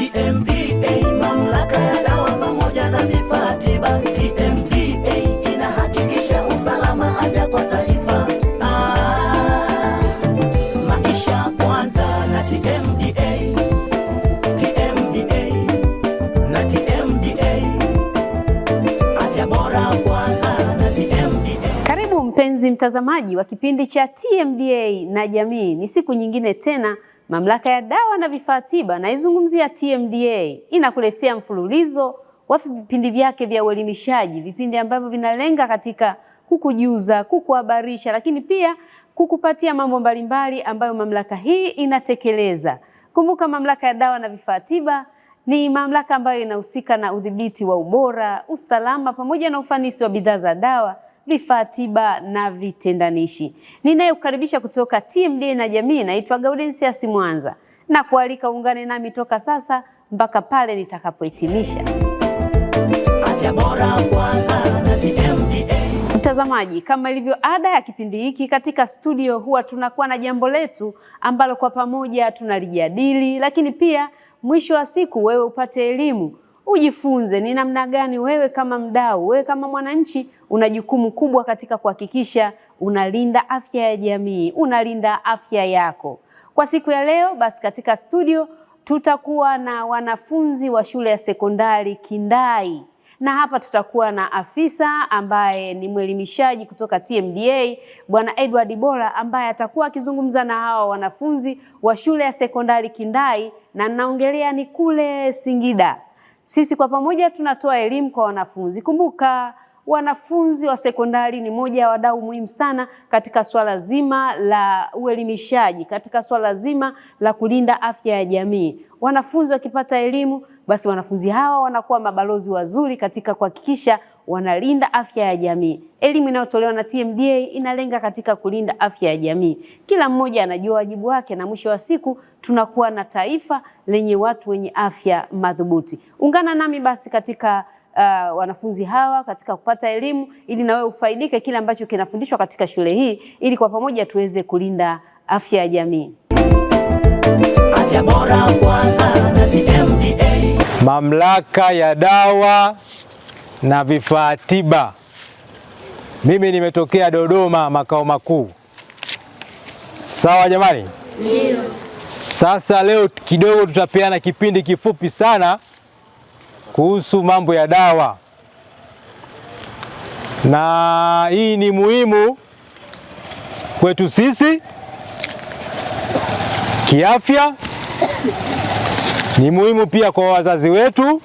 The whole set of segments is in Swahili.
TMDA, mamlaka ya dawa pamoja na vifaa tiba. TMDA inahakikisha usalama afya kwa taifa. Ah, maisha kwanza na TMDA, TMDA na TMDA, afya bora kwanza na TMDA. Karibu mpenzi mtazamaji wa kipindi cha TMDA na jamii, ni siku nyingine tena Mamlaka ya Dawa na Vifaa Tiba naizungumzia TMDA inakuletea mfululizo wa vipindi vyake vya uelimishaji, vipindi ambavyo vinalenga katika kukujuza, kukuhabarisha, lakini pia kukupatia mambo mbalimbali ambayo mamlaka hii inatekeleza. Kumbuka, mamlaka ya Dawa na Vifaa Tiba ni mamlaka ambayo inahusika na udhibiti wa ubora, usalama pamoja na ufanisi wa bidhaa za dawa vifaa tiba na vitendanishi. Ninayekukaribisha kutoka TMD na jamii naitwa Gaudensius Mwanza na kualika ungane nami toka sasa mpaka pale nitakapohitimisha. Afya Bora Kwanza na Mtazamaji, kama ilivyo ada ya kipindi hiki, katika studio huwa tunakuwa na jambo letu ambalo kwa pamoja tunalijadili, lakini pia mwisho wa siku wewe upate elimu ujifunze ni namna gani wewe kama mdau, wewe kama mwananchi una jukumu kubwa katika kuhakikisha unalinda afya ya jamii, unalinda afya yako. Kwa siku ya leo basi, katika studio tutakuwa na wanafunzi wa shule ya sekondari Kindai na hapa tutakuwa na afisa ambaye ni mwelimishaji kutoka TMDA Bwana Edward Bora ambaye atakuwa akizungumza na hawa wanafunzi wa shule ya sekondari Kindai, na ninaongelea ni kule Singida. Sisi kwa pamoja tunatoa elimu kwa wanafunzi. Kumbuka, wanafunzi wa sekondari ni moja ya wadau muhimu sana katika swala zima la uelimishaji, katika swala zima la kulinda afya ya jamii. Wanafunzi wakipata elimu, basi wanafunzi hawa wanakuwa mabalozi wazuri katika kuhakikisha wanalinda afya ya jamii. Elimu inayotolewa na TMDA inalenga katika kulinda afya ya jamii. Kila mmoja anajua wajibu wake, na mwisho wa siku tunakuwa na taifa lenye watu wenye afya madhubuti. Ungana nami basi katika Uh, wanafunzi hawa katika kupata elimu ili na wewe ufaidike kile ambacho kinafundishwa katika shule hii ili kwa pamoja tuweze kulinda afya ya jamii. Afya bora kwanza na TMDA. Mamlaka ya dawa na vifaa tiba. Mimi nimetokea Dodoma makao makuu. Sawa jamani? Ndio. Sasa leo kidogo tutapeana kipindi kifupi sana kuhusu mambo ya dawa, na hii ni muhimu kwetu sisi kiafya, ni muhimu pia kwa wazazi wetu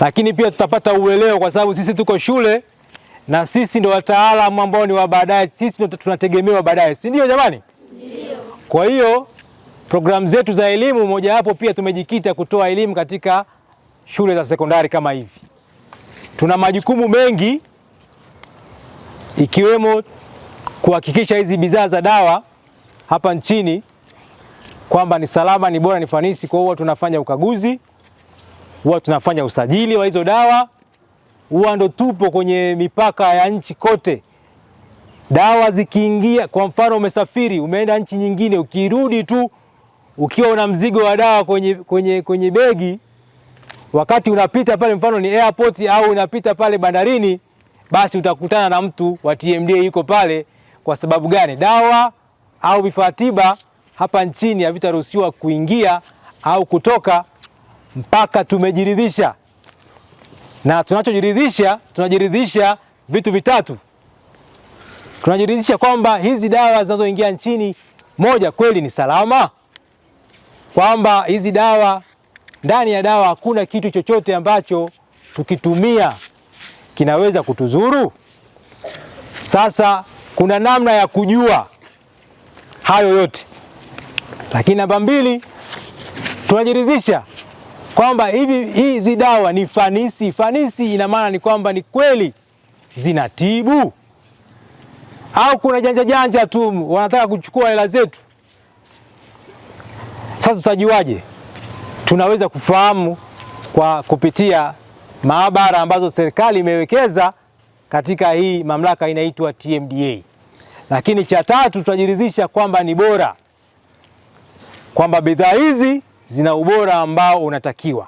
lakini pia tutapata uelewa, kwa sababu sisi tuko shule na sisi ndo wataalamu ambao ni wa baadaye, sisi ndo tunategemewa baadaye, si ndio jamani? Ndio. Kwa hiyo programu zetu za elimu mojawapo pia tumejikita kutoa elimu katika shule za sekondari kama hivi. Tuna majukumu mengi ikiwemo kuhakikisha hizi bidhaa za dawa hapa nchini kwamba ni salama, ni bora, ni fanisi. Kwa hiyo tunafanya ukaguzi huwa tunafanya usajili wa hizo dawa, huwa ndo tupo kwenye mipaka ya nchi kote. Dawa zikiingia, kwa mfano umesafiri umeenda nchi nyingine, ukirudi tu ukiwa una mzigo wa dawa kwenye, kwenye, kwenye begi, wakati unapita pale, mfano ni airport au unapita pale bandarini, basi utakutana na mtu wa TMDA yuko pale. Kwa sababu gani? Dawa au vifaa tiba hapa nchini havitaruhusiwa kuingia au kutoka mpaka tumejiridhisha, na tunachojiridhisha, tunajiridhisha vitu vitatu. Tunajiridhisha kwamba hizi dawa zinazoingia nchini, moja, kweli ni salama, kwamba hizi dawa, ndani ya dawa hakuna kitu chochote ambacho tukitumia kinaweza kutuzuru. Sasa kuna namna ya kujua hayo yote, lakini namba mbili tunajiridhisha kwamba hivi hizi dawa ni fanisi. Fanisi ina maana ni kwamba ni kweli zinatibu au kuna janja janja tu wanataka kuchukua hela zetu. Sasa tutajuaje? Tunaweza kufahamu kwa kupitia maabara ambazo serikali imewekeza katika hii mamlaka inaitwa TMDA. Lakini cha tatu tutajiridhisha kwamba ni bora, kwamba bidhaa hizi zina ubora ambao unatakiwa.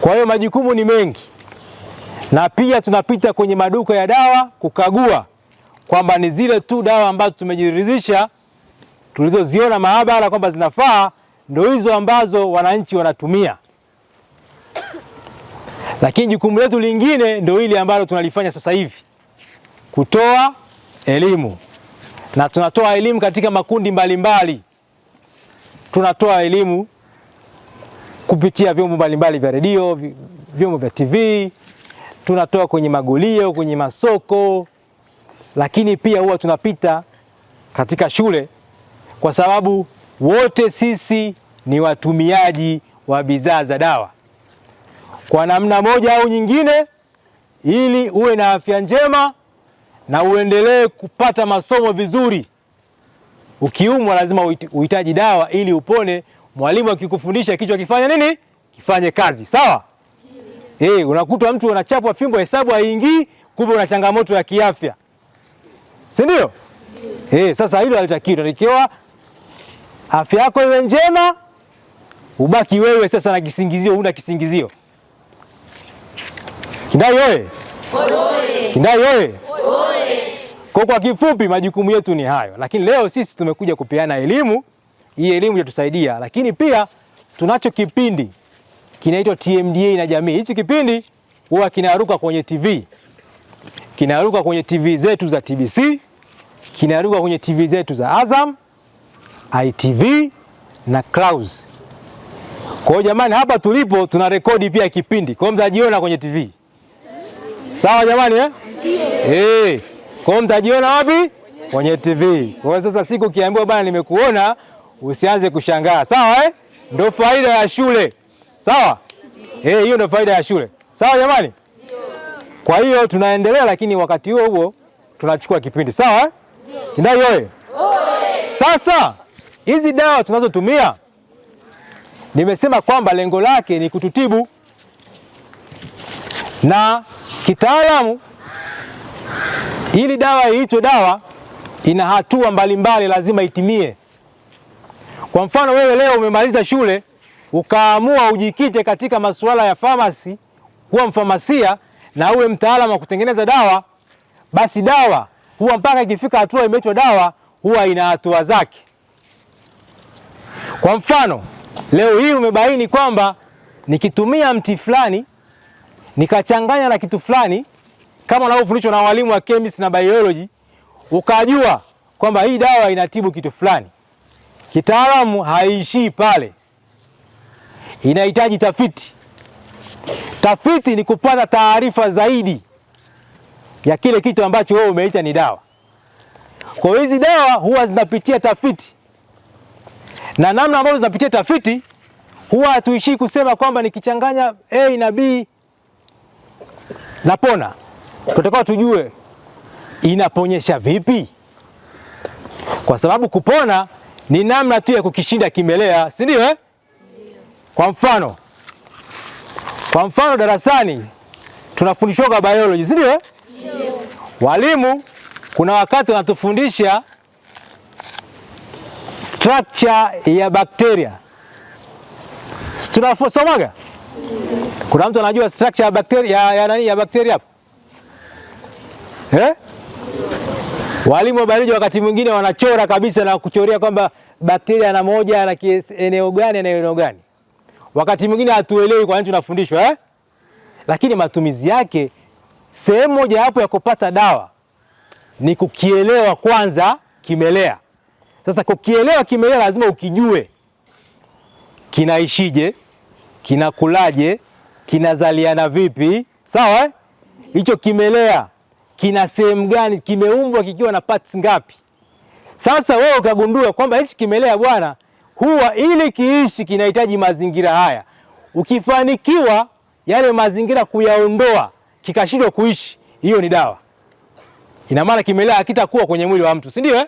Kwa hiyo majukumu ni mengi, na pia tunapita kwenye maduka ya dawa kukagua kwamba ni zile tu dawa ambazo tumejiridhisha tulizoziona maabara kwamba zinafaa, ndio hizo ambazo wananchi wanatumia. Lakini jukumu letu lingine ndio hili ambalo tunalifanya sasa hivi, kutoa elimu, na tunatoa elimu katika makundi mbalimbali mbali tunatoa elimu kupitia vyombo mbalimbali vya redio, vyombo vya TV, tunatoa kwenye magulio, kwenye masoko, lakini pia huwa tunapita katika shule, kwa sababu wote sisi ni watumiaji wa bidhaa za dawa kwa namna moja au nyingine, ili uwe na afya njema na uendelee kupata masomo vizuri. Ukiumwa lazima uhitaji dawa ili upone. Mwalimu akikufundisha kichwa kifanya nini? Kifanye kazi, sawa? Hey, eh, unakuta mtu unachapwa fimbo hesabu haingii, kumbe una changamoto ya kiafya, si ndio? Hey, eh, sasa hilo halitakiwi. Tunatakiwa afya yako iwe njema, ubaki wewe sasa na kisingizio, una kisingizio. Kindai oye! Kindai oye! Kwa kwa kifupi majukumu yetu ni hayo, lakini leo sisi tumekuja kupeana elimu. Hii elimu itatusaidia, lakini pia tunacho kipindi kinaitwa TMDA na jamii. Hichi kipindi huwa kinaruka kwenye TV, kinaruka kwenye TV zetu za TBC, kinaruka kwenye TV zetu za Azam, ITV na Clouds. Kwa hiyo jamani, hapa tulipo tuna rekodi pia kipindi, kwa hiyo mtajiona kwenye TV. Sawa jamani eh? Eh. Kwa mtajiona wapi? Kwenye TV. Kwa hiyo sasa siku ukiambiwa bana, nimekuona usianze kushangaa, sawa eh? Ndio faida ya shule, sawa eh, hiyo hey, ndio faida ya shule, sawa jamani. Kwa hiyo tunaendelea, lakini wakati huo huo tunachukua kipindi, sawa eh? Kindai Sasa hizi dawa tunazotumia nimesema kwamba lengo lake ni kututibu na kitaalamu ili dawa iitwe dawa, ina hatua mbalimbali lazima itimie. Kwa mfano, wewe leo umemaliza shule ukaamua ujikite katika masuala ya famasi, kuwa mfamasia na uwe mtaalamu wa kutengeneza dawa, basi dawa huwa mpaka ikifika hatua imeitwa dawa, huwa ina hatua zake. Kwa mfano, leo hii umebaini kwamba nikitumia mti fulani nikachanganya na kitu fulani kama unavyofundishwa na walimu wa chemistry na biology, ukajua kwamba hii dawa inatibu kitu fulani. Kitaalamu haiishii pale, inahitaji tafiti. Tafiti ni kupata taarifa zaidi ya kile kitu ambacho wewe umeita ni dawa. Kwa hiyo hizi dawa huwa zinapitia tafiti, na namna ambavyo zinapitia tafiti huwa hatuishii kusema kwamba nikichanganya A na B napona tunatakiwa tujue inaponyesha vipi, kwa sababu kupona ni namna tu ya kukishinda kimelea, si ndio eh? Kwa mfano, kwa mfano darasani tunafundishwa kwa biology, si ndio eh? Walimu kuna wakati wanatufundisha structure ya bakteria, tunasomaga. Kuna mtu anajua structure ya bakteria ya nani, ya bakteria hapo eh? Walimu wa biolojia wakati mwingine wanachora kabisa na kuchoria kwamba bakteria na moja na eneo gani na eneo gani, wakati mwingine hatuelewi kwa nini tunafundishwa eh? Lakini matumizi yake, sehemu moja hapo ya kupata dawa ni kukielewa kwanza kimelea. Sasa kukielewa kimelea, lazima ukijue kinaishije, kinakulaje, kinazaliana vipi, sawa eh? Hicho kimelea kina sehemu gani, kimeumbwa kikiwa na parts ngapi. Sasa wewe ukagundua kwamba hichi kimelea bwana, huwa ili kiishi kinahitaji mazingira haya. Ukifanikiwa yale mazingira kuyaondoa, kikashindwa kuishi, hiyo ni dawa. Ina maana kimelea hakitakuwa kwenye mwili wa mtu, si ndio? Eh?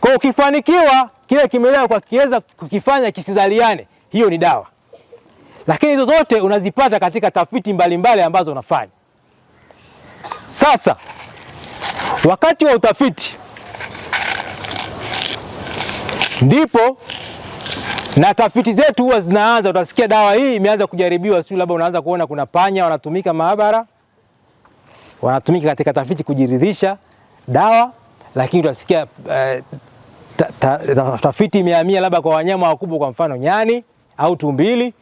Kwa ukifanikiwa kile kimelea kwa kiweza kukifanya kisizaliane, hiyo ni dawa. Lakini hizo zote unazipata katika tafiti mbalimbali mbali ambazo unafanya. Sasa wakati wa utafiti ndipo na tafiti zetu huwa zinaanza. Utasikia dawa hii imeanza kujaribiwa, sio? Labda unaanza kuona kuna panya wanatumika maabara, wanatumika katika tafiti kujiridhisha dawa, lakini utasikia eh, ta, ta, ta, tafiti imehamia labda kwa wanyama wakubwa, kwa mfano nyani au tumbili.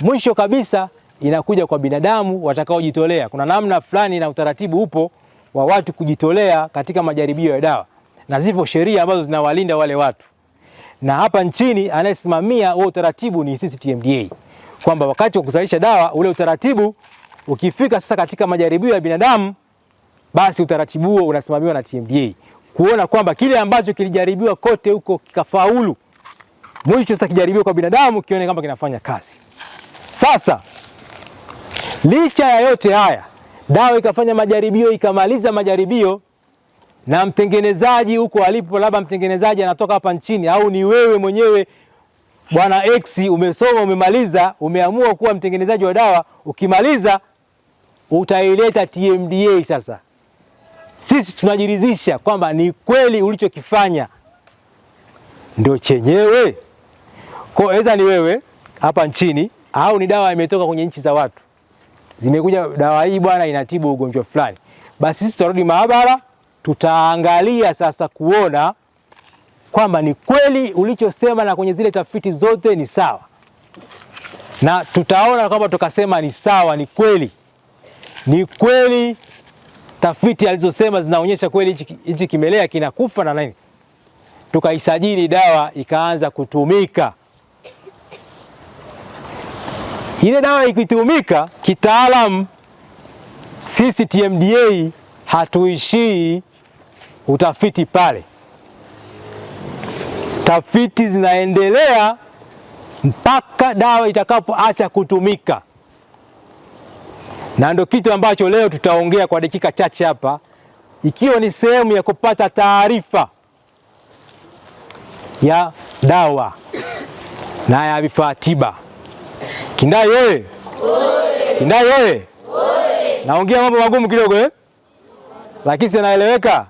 Mwisho kabisa inakuja kwa binadamu watakaojitolea. Kuna namna fulani na utaratibu upo wa watu kujitolea katika majaribio ya dawa, na zipo sheria ambazo zinawalinda wale watu, na hapa nchini anayesimamia huo utaratibu ni sisi TMDA, kwamba wakati wa kuzalisha dawa ule utaratibu ukifika sasa katika majaribio ya binadamu, basi utaratibu huo unasimamiwa na TMDA kuona kwamba kile ambacho kilijaribiwa kote huko kikafaulu, mwisho sasa kijaribiwa kwa binadamu kione kama kinafanya kazi sasa Licha ya yote haya, dawa ikafanya majaribio, ikamaliza majaribio, na mtengenezaji huko alipo, labda mtengenezaji anatoka hapa nchini au ni wewe mwenyewe bwana X, umesoma umemaliza, umeamua kuwa mtengenezaji wa dawa. Ukimaliza utaileta TMDA. Sasa sisi tunajiridhisha kwamba ni kweli ulichokifanya ndio chenyewe, kwa weza ni wewe hapa nchini au ni dawa imetoka kwenye nchi za watu zimekuja dawa hii bwana inatibu ugonjwa fulani, basi sisi tutarudi maabara, tutaangalia sasa kuona kwamba ni kweli ulichosema na kwenye zile tafiti zote ni sawa, na tutaona kwamba tukasema ni sawa, ni kweli, ni kweli tafiti alizosema zinaonyesha kweli hichi kimelea kinakufa na nini, tukaisajili dawa ikaanza kutumika. Ile dawa ikitumika kitaalam sisi TMDA hatuishii utafiti pale, tafiti zinaendelea mpaka dawa itakapoacha kutumika, na ndio kitu ambacho leo tutaongea kwa dakika chache hapa, ikiwa ni sehemu ya kupata taarifa ya dawa na ya vifaa tiba. Kindai oye! Kindai oye! Naongea mambo magumu kidogo eh? Lakini sinaeleweka.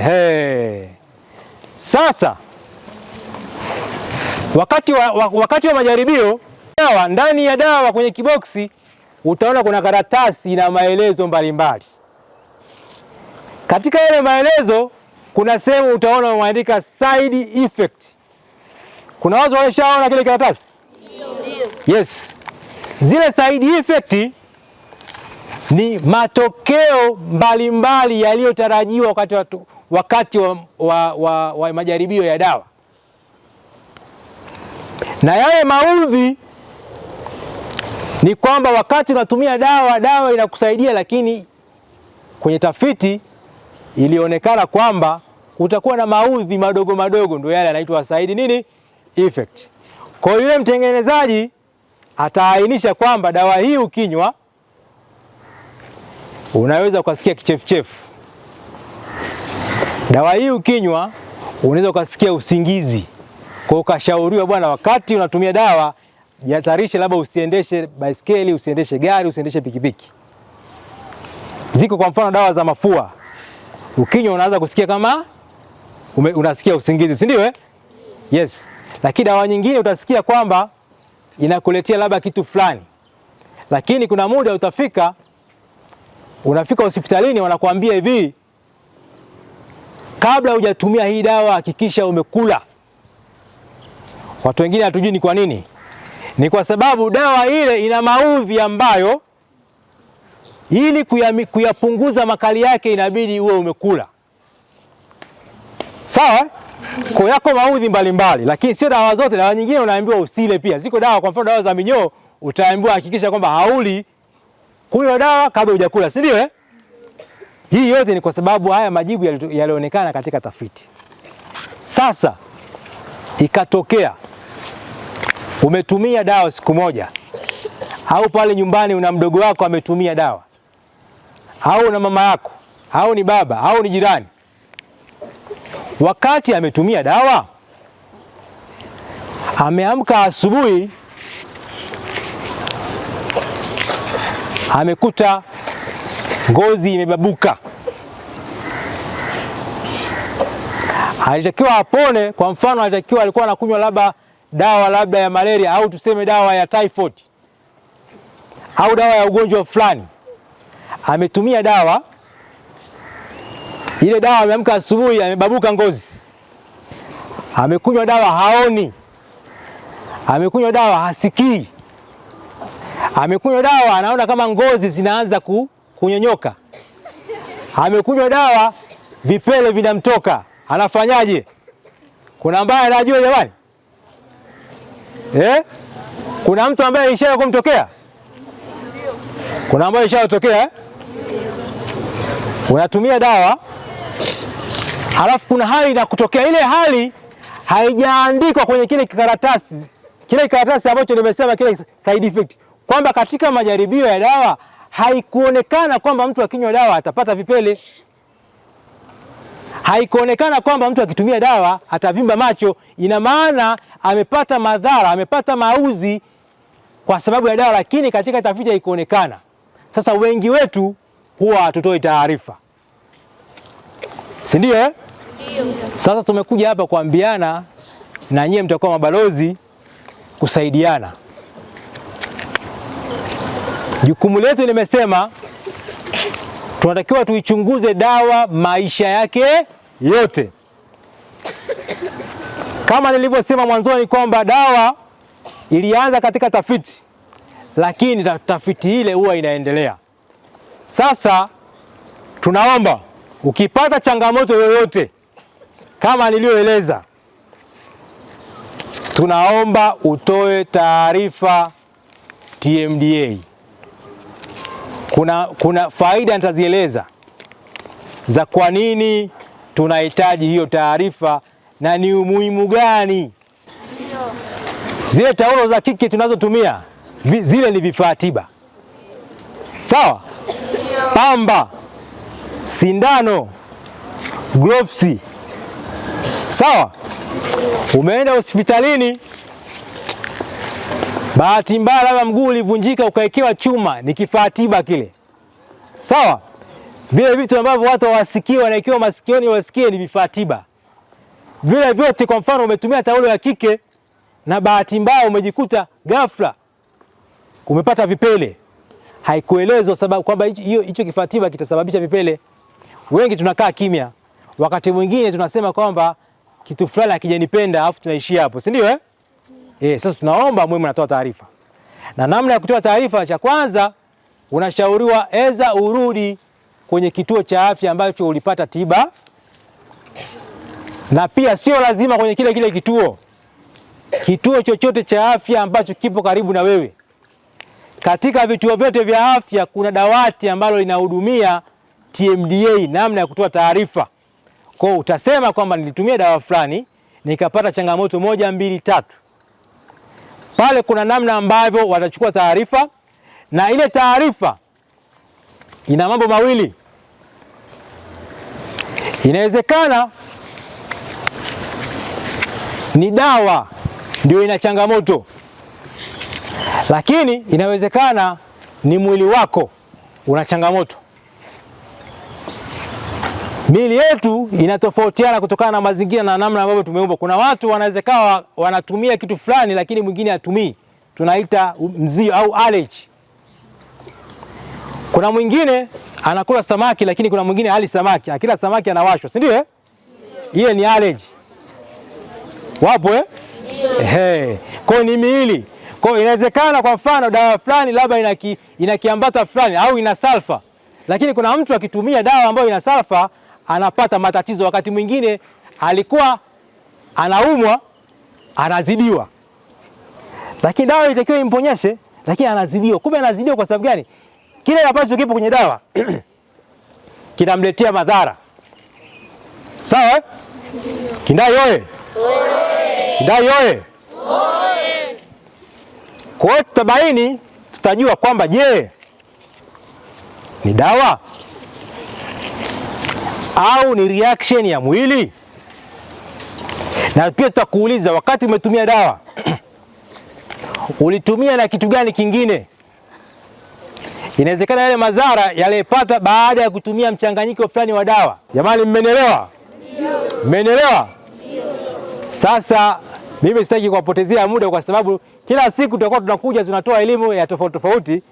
Ehe. Sasa wakati wa, wa, wakati wa majaribio dawa, ndani ya dawa kwenye kiboksi utaona kuna karatasi na maelezo mbalimbali. Katika yale maelezo kuna sehemu utaona umeandika side effect. Kuna watu wameshaona kile karatasi? Yes, zile side effect ni matokeo mbalimbali yaliyotarajiwa wakati, watu, wakati wa, wa, wa, wa majaribio ya dawa na yale maudhi ni kwamba wakati unatumia dawa, dawa inakusaidia, lakini kwenye tafiti ilionekana kwamba utakuwa na maudhi madogo madogo, ndio yale yanaitwa side nini effect. Kwa hiyo yule mtengenezaji ataainisha kwamba dawa hii ukinywa unaweza ukasikia kichefuchefu, dawa hii ukinywa unaweza ukasikia usingizi. Kwa ukashauriwa, bwana, wakati unatumia dawa jihatarishe, labda usiendeshe baiskeli, usiendeshe gari, usiendeshe pikipiki. Ziko kwa mfano dawa za mafua, ukinywa unaanza kusikia kama ume, unasikia usingizi, si ndio? Eh? Yes, lakini dawa nyingine utasikia kwamba inakuletea labda kitu fulani, lakini kuna muda utafika, unafika hospitalini wanakuambia hivi, kabla hujatumia hii dawa hakikisha umekula. Watu wengine hatujui ni kwa nini. Ni kwa sababu dawa ile ina maudhi ambayo ili kuyapunguza makali yake inabidi uwe umekula. Sawa? Kwa yako maudhi mbalimbali, lakini sio dawa zote. Dawa nyingine unaambiwa usile pia. Ziko dawa, kwa mfano dawa za minyoo, utaambiwa hakikisha kwamba hauli kunywa dawa kabla hujakula, si ndio eh? Hii yote ni kwa sababu haya majibu yalionekana katika tafiti. Sasa ikatokea umetumia dawa siku moja, au pale nyumbani una mdogo wako ametumia dawa, au una mama yako, au ni baba, au ni jirani wakati ametumia dawa. Ameamka asubuhi, amekuta ngozi imebabuka, alitakiwa apone. Kwa mfano, alitakiwa alikuwa anakunywa labda dawa labda ya malaria au tuseme dawa ya typhoid au dawa ya ugonjwa fulani, ametumia dawa ile dawa ameamka asubuhi, amebabuka ngozi, amekunywa dawa haoni, amekunywa dawa hasikii, amekunywa dawa anaona kama ngozi zinaanza ku, kunyonyoka, amekunywa dawa vipele vinamtoka, anafanyaje? Kuna ambaye anajua jamani eh? Kuna mtu ambaye ishayo kumtokea, kuna ambaye ishayo kutokea eh? Unatumia dawa halafu kuna hali inakutokea. Ile hali haijaandikwa kwenye kile kikaratasi, kile kikaratasi ambacho nimesema kile side effect, kwamba katika majaribio ya dawa haikuonekana kwamba mtu akinywa dawa atapata vipele, haikuonekana kwamba mtu akitumia dawa atavimba macho. Ina maana amepata madhara, amepata mauzi kwa sababu ya dawa, lakini katika tafiti haikuonekana. Sasa wengi wetu huwa hatutoi taarifa si ndio eh? Sasa tumekuja hapa kuambiana na nyie mtakuwa mabalozi kusaidiana. Jukumu letu nimesema, tunatakiwa tuichunguze dawa maisha yake yote. Kama nilivyosema mwanzoni kwamba dawa ilianza katika tafiti, lakini tafiti ile huwa inaendelea. Sasa tunaomba Ukipata changamoto yoyote kama niliyoeleza, tunaomba utoe taarifa TMDA. Kuna, kuna faida nitazieleza za kwa nini tunahitaji hiyo taarifa na ni umuhimu gani. Zile taulo za kike tunazotumia zile ni vifaa tiba, sawa? Pamba sindano, gloves. Sawa, umeenda hospitalini, bahati mbaya labda mguu ulivunjika ukawekewa chuma, ni kifaa tiba kile. Sawa, vile vitu ambavyo watu hawasikii wanawekewa masikioni wasikie, ni vifaa tiba vile vyote. Kwa mfano, umetumia taulo ya kike na bahati mbaya umejikuta ghafla umepata vipele, haikuelezwa sababu kwamba hicho kifaa tiba kitasababisha vipele. Wengi tunakaa kimya, wakati mwingine tunasema kwamba kitu fulani hakijanipenda afu tunaishia hapo, si ndio eh? Mm. Eh, sasa tunaomba muhimu anatoa taarifa, na namna ya kutoa taarifa, cha kwanza unashauriwa eza urudi kwenye kituo cha afya ambacho ulipata tiba, na pia sio lazima kwenye kile kile kituo, kituo chochote cha afya ambacho kipo karibu na wewe. Katika vituo vyote vya afya kuna dawati ambalo linahudumia TMDA, namna ya kutoa taarifa. Kwa hiyo utasema kwamba nilitumia dawa fulani nikapata changamoto moja, mbili, tatu. Pale kuna namna ambavyo watachukua taarifa, na ile taarifa ina mambo mawili. Inawezekana ni dawa ndio ina changamoto, lakini inawezekana ni mwili wako una changamoto. Miili yetu inatofautiana kutokana na mazingira na namna ambavyo tumeumbwa. Kuna watu wanaweza kawa wanatumia kitu fulani, lakini mwingine hatumii, tunaita mzio au allergy. Kuna mwingine anakula samaki, lakini kuna mwingine hali samaki, akila samaki anawashwa, si ndio? Hiyo eh? ni allergy. Wapo eh? Hey. Kwa ni miili. Kwa inawezekana kwa mfano dawa fulani labda inakiambata fulani au ina sulfa, lakini kuna mtu akitumia dawa ambayo ina sulfa anapata matatizo. Wakati mwingine alikuwa anaumwa anazidiwa, lakini dawa ilitakiwa imponyeshe, lakini anazidiwa. Kumbe anazidiwa kwa sababu gani? Kile ambacho kipo kwenye dawa kinamletea madhara. Sawa, eh? Kindai oye! Kindai oye! Kwa hiyo tutabaini, tutajua kwamba je, ni dawa au ni reaction ya mwili? Na pia tutakuuliza wakati umetumia dawa ulitumia na kitu gani kingine? Inawezekana yale madhara yaliyopata baada ya kutumia mchanganyiko fulani wa dawa. Jamani, mmenielewa? Mmenielewa? Sasa mimi sitaki kuwapotezea muda, kwa sababu kila siku tutakuwa tunakuja tunatoa elimu ya tofauti tofauti.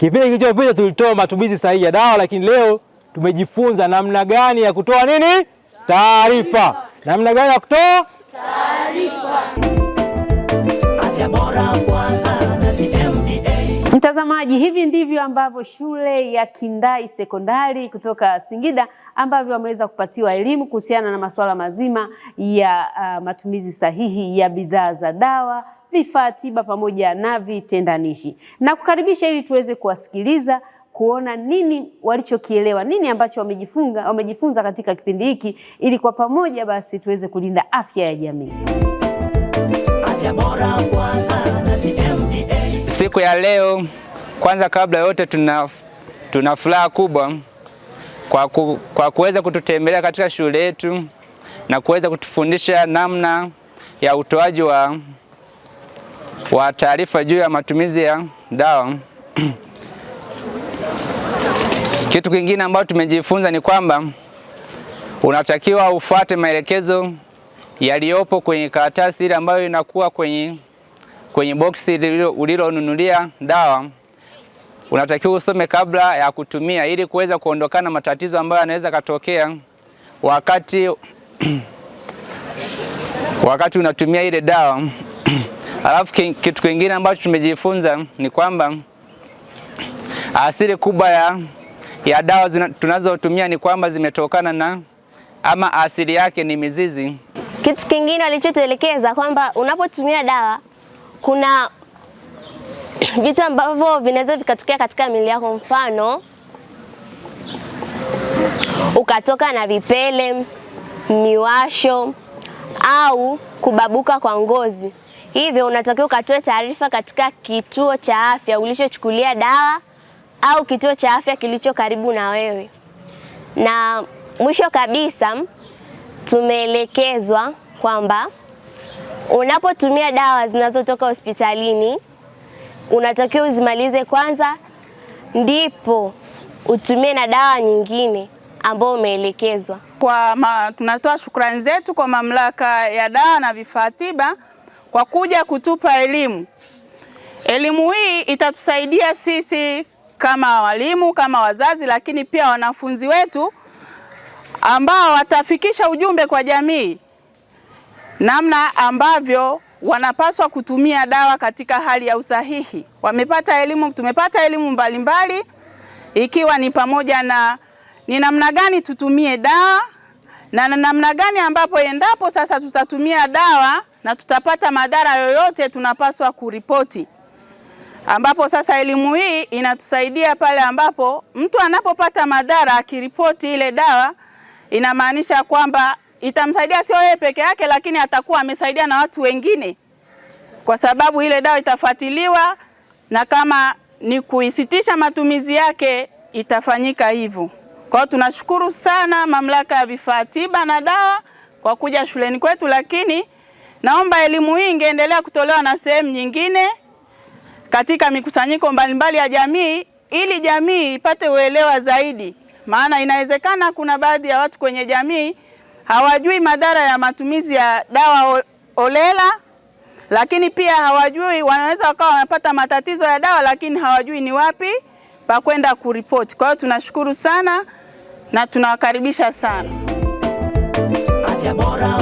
Kipindi kilichopita tulitoa matumizi sahihi ya dawa, lakini leo tumejifunza namna gani ya kutoa nini taarifa, namna gani ya kutoa taarifa. Mtazamaji, hivi ndivyo ambavyo shule ya Kindai Sekondari kutoka Singida ambavyo wameweza kupatiwa elimu kuhusiana na masuala mazima ya uh, matumizi sahihi ya bidhaa za dawa, vifaa tiba pamoja na vitendanishi, na kukaribisha ili tuweze kuwasikiliza kuona nini walichokielewa, nini ambacho wamejifunga, wamejifunza katika kipindi hiki, ili kwa pamoja basi tuweze kulinda afya ya jamii. Afya bora kwanza na TMDA. Siku ya leo kwanza, kabla yote, tuna, tuna furaha kubwa kwa, ku, kwa kuweza kututembelea katika shule yetu na kuweza kutufundisha namna ya utoaji wa, wa taarifa juu ya matumizi ya dawa Kitu kingine ambacho tumejifunza ni kwamba unatakiwa ufuate maelekezo yaliyopo kwenye karatasi ile ambayo inakuwa kwenye kwenye boksi ulilonunulia dawa. Unatakiwa usome kabla ya kutumia ili kuweza kuondokana matatizo ambayo yanaweza katokea wakati wakati unatumia ile dawa. Alafu kitu kingine ambacho tumejifunza ni kwamba asili kubwa ya ya dawa tunazotumia ni kwamba zimetokana na ama asili yake ni mizizi. Kitu kingine walichotuelekeza kwamba unapotumia dawa kuna vitu ambavyo vinaweza vikatokea katika miili yako, mfano ukatoka na vipele, miwasho au kubabuka kwa ngozi. Hivyo unatakiwa ukatoe taarifa katika kituo cha afya ulichochukulia dawa au kituo cha afya kilicho karibu na wewe. Na mwisho kabisa, tumeelekezwa kwamba unapotumia dawa zinazotoka hospitalini unatakiwa uzimalize kwanza, ndipo utumie na dawa nyingine ambao umeelekezwa. Kwa ma, tunatoa shukrani zetu kwa mamlaka ya dawa na vifaa tiba kwa kuja kutupa elimu. Elimu hii itatusaidia sisi kama walimu, kama wazazi, lakini pia wanafunzi wetu ambao watafikisha ujumbe kwa jamii namna ambavyo wanapaswa kutumia dawa katika hali ya usahihi. Wamepata elimu, tumepata elimu mbalimbali ikiwa ni pamoja na ni namna gani tutumie dawa na namna gani ambapo endapo sasa tutatumia dawa na tutapata madhara yoyote tunapaswa kuripoti ambapo sasa elimu hii inatusaidia pale ambapo mtu anapopata madhara akiripoti ile dawa, inamaanisha kwamba itamsaidia sio yeye peke yake, lakini atakuwa amesaidia na watu wengine, kwa sababu ile dawa itafuatiliwa na kama ni kuisitisha matumizi yake itafanyika hivyo. Kwa hiyo tunashukuru sana Mamlaka ya Vifaa Tiba na Dawa kwa kuja shuleni kwetu, lakini naomba elimu hii ingeendelea kutolewa na sehemu nyingine katika mikusanyiko mbalimbali ya jamii ili jamii ipate uelewa zaidi, maana inawezekana kuna baadhi ya watu kwenye jamii hawajui madhara ya matumizi ya dawa holela, lakini pia hawajui, wanaweza wakawa wanapata matatizo ya dawa, lakini hawajui ni wapi pa kwenda kuripoti. Kwa hiyo tunashukuru sana na tunawakaribisha sana Afya Bora.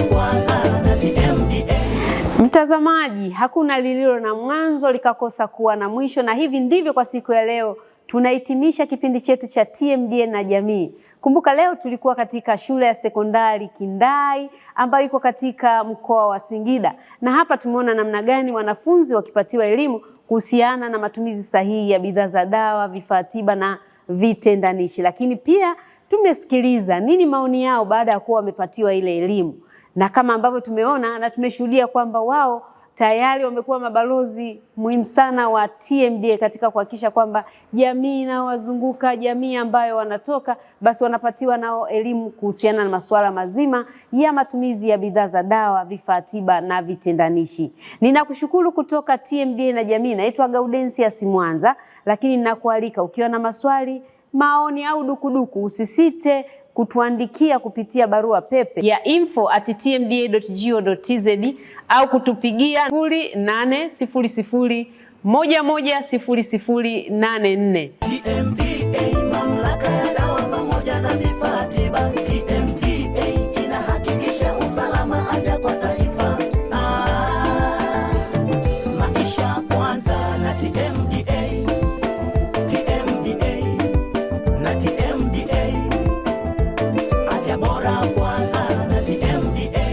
Mtazamaji, hakuna lililo na mwanzo likakosa kuwa na mwisho, na hivi ndivyo kwa siku ya leo tunahitimisha kipindi chetu cha TMDN na jamii. Kumbuka leo tulikuwa katika shule ya sekondari Kindai ambayo iko katika mkoa wa Singida, na hapa tumeona namna gani wanafunzi wakipatiwa elimu kuhusiana na matumizi sahihi ya bidhaa za dawa, vifaa tiba na vitendanishi, lakini pia tumesikiliza nini maoni yao baada ya kuwa wamepatiwa ile elimu na kama ambavyo tumeona na tumeshuhudia kwamba wao tayari wamekuwa mabalozi muhimu sana wa TMDA katika kuhakikisha kwamba jamii inayowazunguka jamii ambayo wanatoka basi wanapatiwa nao elimu kuhusiana na masuala mazima ya matumizi ya bidhaa za dawa, vifaa tiba na vitendanishi. Ninakushukuru kutoka TMDA na jamii. Naitwa Gaudensia Simwanza, lakini ninakualika ukiwa na maswali, maoni au dukuduku usisite kutuandikia kupitia barua pepe ya info at tmda.go.tz au kutupigia 0800 110084. TMDA, mamlaka ya dawa pamoja na vifaa tiba.